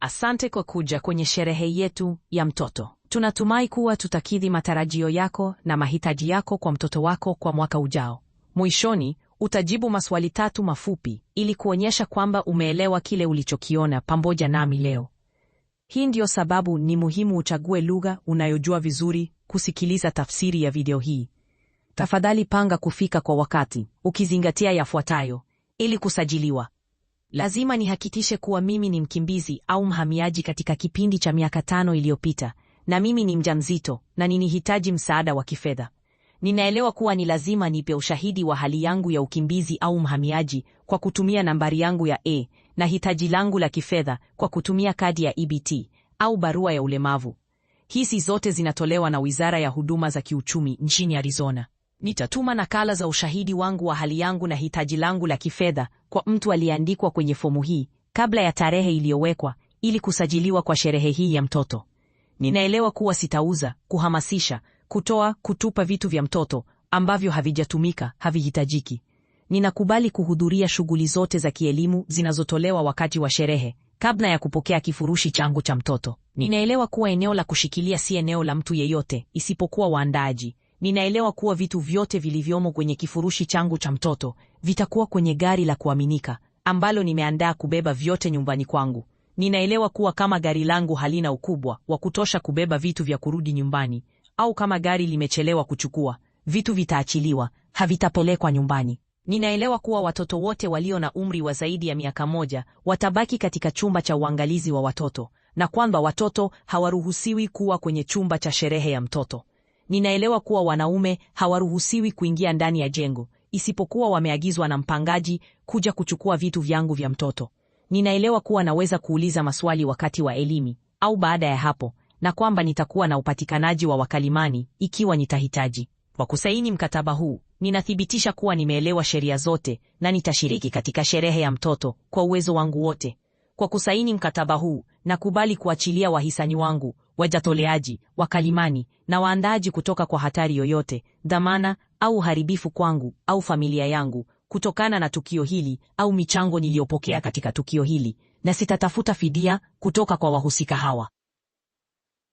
Asante kwa kuja kwenye sherehe yetu ya mtoto. Tunatumai kuwa tutakidhi matarajio yako na mahitaji yako kwa mtoto wako kwa mwaka ujao. Mwishoni utajibu maswali tatu mafupi ili kuonyesha kwamba umeelewa kile ulichokiona pamoja nami leo. Hii ndiyo sababu ni muhimu uchague lugha unayojua vizuri kusikiliza tafsiri ya video hii. Tafadhali panga kufika kwa wakati ukizingatia yafuatayo ili kusajiliwa. Lazima nihakikishe kuwa mimi ni mkimbizi au mhamiaji katika kipindi cha miaka tano iliyopita, na mimi ni mjamzito na ninihitaji msaada wa kifedha. Ninaelewa kuwa ni lazima nipe ushahidi wa hali yangu ya ukimbizi au mhamiaji kwa kutumia nambari yangu ya A na hitaji langu la kifedha kwa kutumia kadi ya EBT au barua ya ulemavu. Hizi zote zinatolewa na Wizara ya Huduma za Kiuchumi nchini Arizona. Nitatuma nakala za ushahidi wangu wa hali yangu na hitaji langu la kifedha kwa mtu aliyeandikwa kwenye fomu hii kabla ya tarehe iliyowekwa ili kusajiliwa kwa sherehe hii ya mtoto. Ninaelewa kuwa sitauza, kuhamasisha, kutoa, kutupa vitu vya mtoto ambavyo havijatumika, havihitajiki. Ninakubali kuhudhuria shughuli zote za kielimu zinazotolewa wakati wa sherehe kabla ya kupokea kifurushi changu cha mtoto. Ninaelewa kuwa eneo la kushikilia si eneo la mtu yeyote isipokuwa waandaaji. Ninaelewa kuwa vitu vyote vilivyomo kwenye kifurushi changu cha mtoto vitakuwa kwenye gari la kuaminika ambalo nimeandaa kubeba vyote nyumbani kwangu. Ninaelewa kuwa kama gari langu halina ukubwa wa kutosha kubeba vitu vya kurudi nyumbani, au kama gari limechelewa kuchukua, vitu vitaachiliwa, havitapelekwa nyumbani. Ninaelewa kuwa watoto wote walio na umri wa zaidi ya miaka moja watabaki katika chumba cha uangalizi wa watoto na kwamba watoto hawaruhusiwi kuwa kwenye chumba cha sherehe ya mtoto. Ninaelewa kuwa wanaume hawaruhusiwi kuingia ndani ya jengo isipokuwa wameagizwa na mpangaji kuja kuchukua vitu vyangu vya mtoto. Ninaelewa kuwa naweza kuuliza maswali wakati wa elimi au baada ya hapo, na kwamba nitakuwa na upatikanaji wa wakalimani ikiwa nitahitaji. Kwa kusaini mkataba huu, ninathibitisha kuwa nimeelewa sheria zote na nitashiriki katika sherehe ya mtoto kwa uwezo wangu wote. Kwa kusaini mkataba huu, nakubali kuachilia wahisani wangu, wajatoleaji, wakalimani na waandaaji kutoka kwa hatari yoyote, dhamana au uharibifu kwangu au familia yangu kutokana na tukio hili au michango niliyopokea katika tukio hili, na sitatafuta fidia kutoka kwa wahusika hawa.